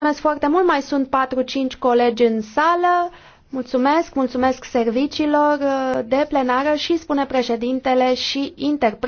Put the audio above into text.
Mulțumesc foarte mult, mai sunt 4-5 colegi în sală. Mulțumesc, mulțumesc serviciilor uh, de plenară și, spune președintele, și interpretare.